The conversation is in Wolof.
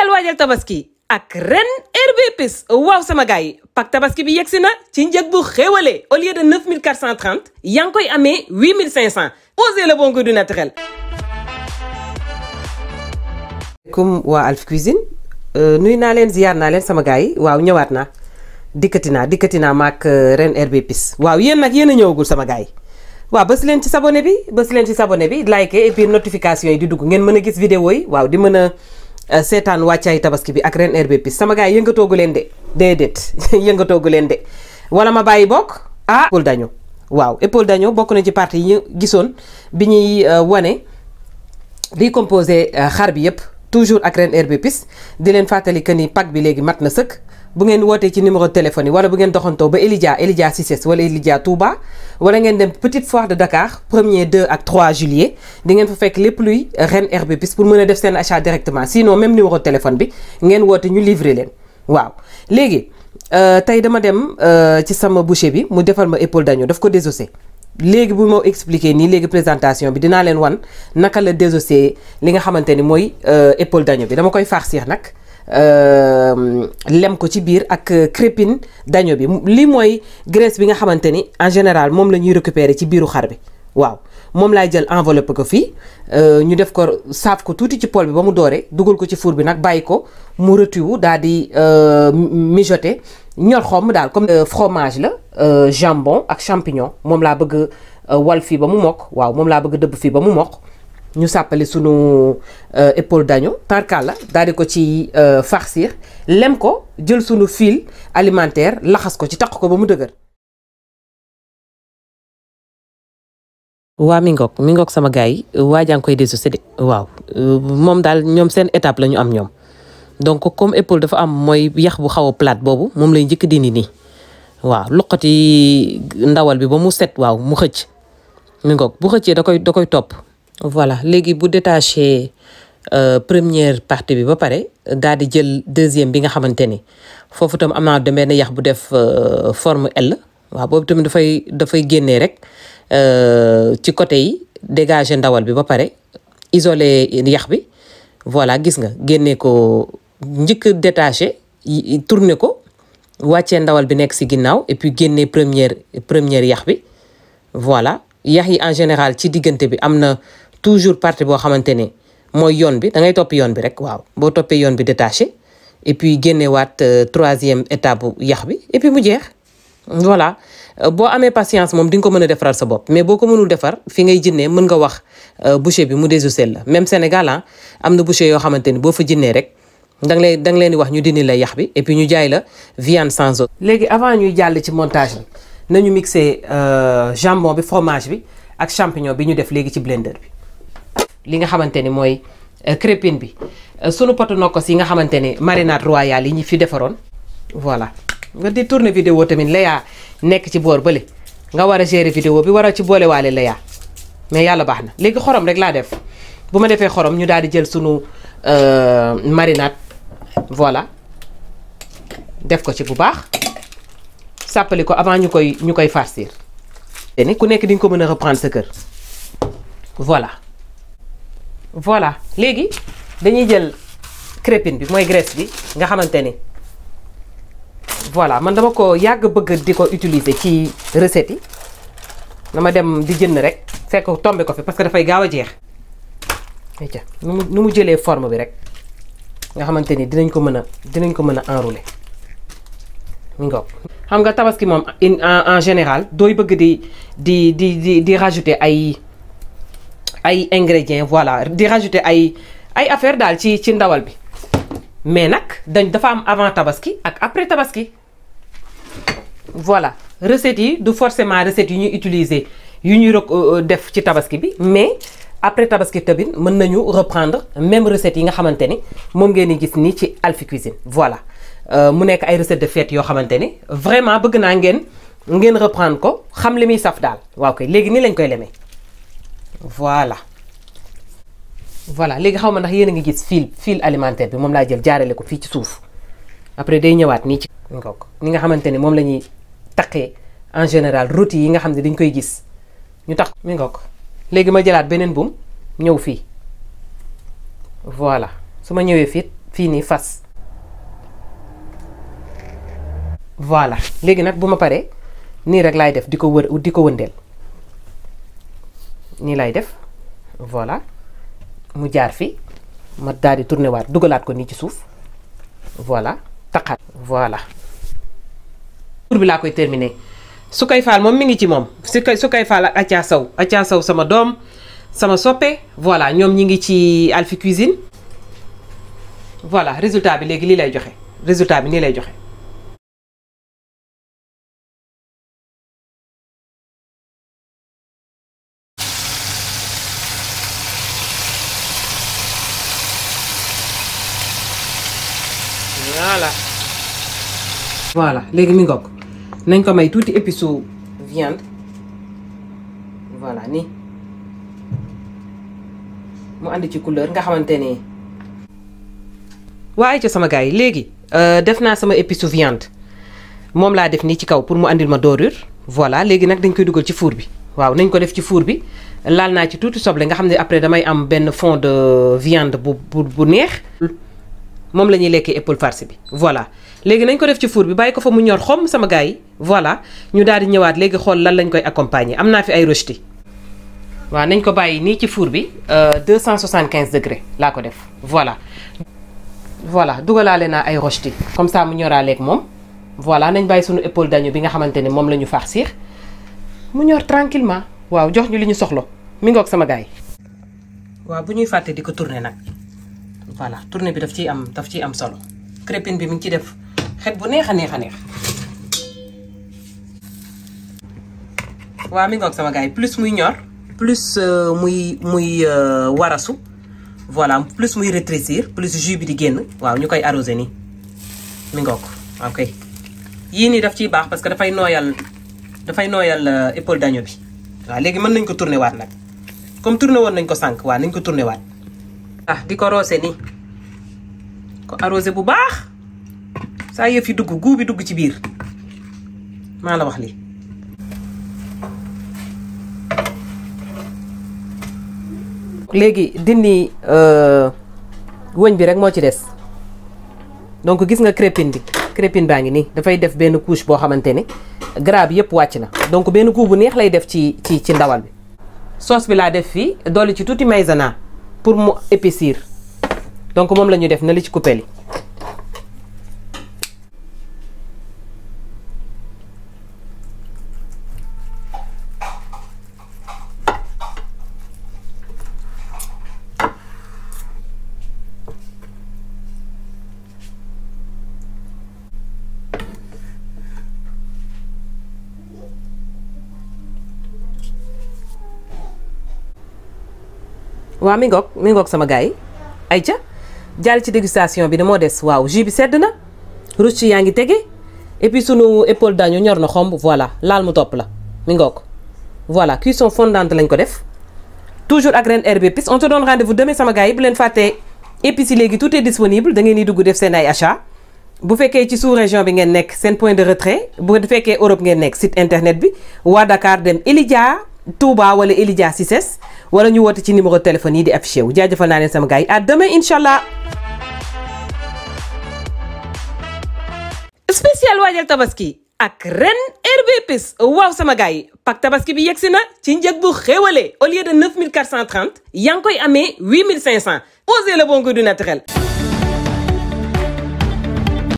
teel waajal tabaski ak ren herbepis waaw sama gars yi pak tabaski bi yegsi na ci njëg bu xéwalee au lieu de 9430 yaa ngi koy amee 8500 osez le bon goût du naturel. comme waa Alphie Cuisine euh, nuy naa leen ziyaar naa leen sama gars yi waaw ñëwaat naa dikkati naa dikkati naa maak euh, ren herbepis waaw yéen nag yéen a ñëwagul sama gars yi. waaw bës leen ci sabonné bi bës leen ci sabonné bi like et puis notification yi di dugg ngeen mën a gis vidéo yi waaw di mën a. Euh, seetaan wàccaay tabaski bi ak Reen Herbes Épices sama gars yëngatoogu leen de déedéet yëngatoogu leen de wala ma bàyyi bokk ah. épaule waaw épaule dañoo bokk nañ ci parti yi gisoon bi ñuy euh, wane di composé euh, xar bi yëpp toujours ak Reen Herbes di leen fàttali que ni pack bi léegi mat na sëkk. bu ngeen wootee ci numéro téléphone yi wala bu ngeen doxantoo ba Elidia Elidia Cissesse wala Elidia Touba wala ngeen dem Petite Foire de Dakar premier 2 ak 3 juillet di ngeen fa fekk lépp luy Reen Herbépistes pour mën a def seen achat directement sinon même numéro téléphone bi ngeen woote ñu livrer leen waaw léegi euh, tey dama dem euh, ci sama boucher bi mu defal ma épaule d'agneau daf ko désossé léegi bu ma expliqué nii léegi présentation bi dinaa leen wan naka la désossé li nga xamante ni mooy euh, épaule d'agneau bi dama koy farcir nag Euh, lem ko ci biir ak euh, crépine daño bi lii mooy graisse bi nga xamante ni en général moom la ñuy récupérer ci biiru xar bi waaw moom laay jël enveloppe ko fii euh, ñu def ko saaf ko tuuti ci poêle bi ba mu dooree dugal ko ci fuur bi nag bàyyi ko mu retiwu daal di mijoter ñor xomm daal comme fromage la jambon ak champignon moom laa bëgg wal fii ba mu mokk waaw moom laa bëgg dëbb fii ba mu mokk ñu sàppali sunu euh, épaule d'agneau tarkalla la di ko ci euh, farcir lem ko jël sunu fil alimentaire laxas ko ci taq ko ba mu dëgër. waa mi ngoog mi ngoog sama gars yi waajaa ngi koy désossé de waaw moom daal ñoom seen étape lañu am ñoom donc comme épaule dafa am mooy yax bu xaw a plate boobu moom lay njëkk dindi nii waaw luqati ndawal bi ba mu set waaw mu xëcc mi ngoog bu xëccee da koy da koy topp. voilà léegi bu détaché euh, première partie bi ba pare daal di jël deuxième bi nga xamante ni foofu tam am naa demee ne yax bu def euh, forme L waaw boobu tamit dafay dafay génnee rek euh, ci côté yi dégager ndawal bi ba pare isoler yax bi voilà gis nga génnee ko njëkk détaché tourner ko wàccee ndawal bi nekk si ginnaaw et puis génnee première première yax bi voilà yax yi en général ci diggante bi am na toujours parti boo xamante ne mooy yoon bi da ngay yoon bi rek waaw boo toppee yoon bi détaché et puis génnewaat euh, troisième état bu yax bi et puis mu jeex. voilà euh, boo amee patience moom di nga ko mën a defaral sa bopp mais boo ko mënul defar fi ngay jinnee mën nga wax euh, boucher bi mu désossé la même Sénégal ah, am na boucher yoo xamante ni boo fa jinnee rek. da nga da nga leen di wax ñu dindi la yax bi et ñu jaay la viande sans os. léegi avant ñuy jàll ci montage bi nañu mixé jambon bi fromage bi ak champignon bi ñu def léegi ci blender bi. li nga xamante ni mooy euh, crépine bi euh, sunu potu nokkos yi nga xamante ni marinade royale yi ñu fi defaroon voilà nga di tourner vidéo tamit layaa nekk ci boor bële nga war a gérer vidéo bi war a ci boolewaale layaa mais yàlla baax na léegi xorom rek laa def bu ma defee xorom ñu daal di jël sunu euh, marinade voilà def ko ci bu baax sàppali ko avant ñu koy ñu koy farcir te ku nekk di nga ko mën a reprendre sa kër voilà léegi dañuy jël crépine bi mooy graisse bi nga xamante ni voilà man dama ko yàgg bëgg di ko utiliser ci recette yi dama dem di jënd rek fekk tombe ko fi parce que dafay gaaw a jeex. ayca mu nu mu jëlee forme bi rek nga xamante ni dinañ ko mën a dinañ ko mën a enrouler mi ngoog xam nga tabaski moom en en général dooy bëgg di di di di di rajouter ay. ay ingrédients voilà di rajouter ay ay affaire daal ci ci ndawal bi mais nag dañ dafa am avant tabaski ak après tabaski voilà recettes yi du forcement recettes yu ñuy utiliser yu ñuy rek euh, euh, def ci tabaski bi mais après tabaski tamit mën nañu reprendre même recette yi nga xamante ni moom ngeen di gis nii ci Alphie Cuisine voilà euh, mu nekk ay recette de fête yoo xamante ni vraiment bëgg naa ngeen ngeen reprendre ko xam li muy saf daal waaw kay léegi nii lañ koy lemee voilà voilà léegi xaw ma ndax yéen a ngi gis fil fil alimentaire bi moom laa jël jaarale ko fii ci suuf après day ñëwaat nii ci ngok ni nga xamante ne moom la ñuy taqee en général rôti yi nga xam ne dañ koy gis ñu tax mi ngok léegi ma jëlaat beneen buum ñëw fii voilà su ma ñëwee fii fii nii fas voilà léegi nag bu ma paree nii rek laay def di ko wër di ko wëndeel nii lay def voilà mu jaar fi ma daal di tourné dugalaat ko nii ci suuf voilà taqaat voilà tour bi laa koy terminé su Soukay Fall moom mi ngi ci moom Soukay Soukay Fall ak Atia Sow Atia saw sama doom sama soppe voilà ñoom ñi ngi ci Alphie Cuisine voilà résultat bi léegi lii lay joxe résultat bi nii lay joxe voilà voilà léegi mi ngoog nañ ko may tuuti épice su viande voilà ni mu ànd ci couleur nga xamante ne waaye ci sama gars yi léegi euh, def naa sama épice su viande moom laa def nii ci kaw pour mu àndil ma dorure voilà léegi nag dañ koy dugal ci fuur bi waaw nañ ko def ci four bi laal naa ci tuuti soble nga xam ne après damay am benn fond de viande bu bu bu neex moom la ñuy lekkee épaule farcie bi voilà léegi nañ ko def ci four bi bàyyi ko fa mu ñor xom sama gars voilà ñu daal di ñëwaat léegi xool lan lañ koy accompagner am naa fi ay rocheti waaw nañ ko bàyyi nii ci fuur bi euh, deux quinze degré laa ko def voilà voilà dugalaale naa ay rocheti comme ça mu ñoraaleeg moom voilà nañ bàyyi suñu épaule dañu bi nga xamante ne moom lañu ñu farcir mu ñor tranquillement waaw jox ñu li ñu soxla mi ngoog sama gars bu ñuy fàtte di ko tourner nag voilà tournée bi daf ciy am daf ciy am solo crépine bi mu ngi ciy def xet bu neex a neex a neex. waa mi ngoog sama gars yi plus muy ñor plus euh, muy muy euh, warasu voilà plus muy rétrécir plus jus bi di génn waaw ñu koy arrosé nii mi ngoog ok yii nii daf ciy baax parce que dafay nooyal dafay nooyal euh, épaule daño bi waaw léegi mën nañ ko tourné waat nag comme tourné woon nañ ko sànq waaw nañ ko tourné waat ah di ko roose nii ko arrosé bu baax saa yëf yi dugg guu bi dugg ci biir maa la wax lii léegi dindi euh, wëñ bi rek moo ci des donc gis nga crépine bi crépine baa ngi nii dafay def benn couche boo xamante ni garab bi yëpp wàcc na donc benn coup bu neex lay def ci ci ci ndawal bi soos bi laa def fii dolli ci tuuti maïzena pour mu épaissir donc mon la ñuy def na li ci coupé li waaw mi ngoog mi ngoog sama gars yi ca jàll ci dégustation bi damoo des waaw jus bi sedd na rucc yaa ngi tege et puis sunu épaule dañu ñor na xomb voilà laal mu topp la mi ngoog voilà cuisson fondante lañ ko def toujours ak Reen Herbes Épices on te donne rendez-vous demain sama gars yi bu leen fàttee épices yi léegi tout est disponible da ngeen di dugg def seen ay achat bu fekkee ci sous région bi ngeen nekk seen point de retrait bu fekkee Europe ngeen nekk site internet bi waa Dakar dem Elidia Touba wala Elidia Cissés wala ñu woote ci numéro téléphone yi di affiché wu jaajëfal naa leen sama gars yi à demain incha allah. spécial waajal tabaski ak ren herbepis waaw sama gars yi pak tabaski bi yegsi na ci njëg bu xéwalee au lieu de 9430 yaa ngi koy amee 8500 osez le bon goût du naturel.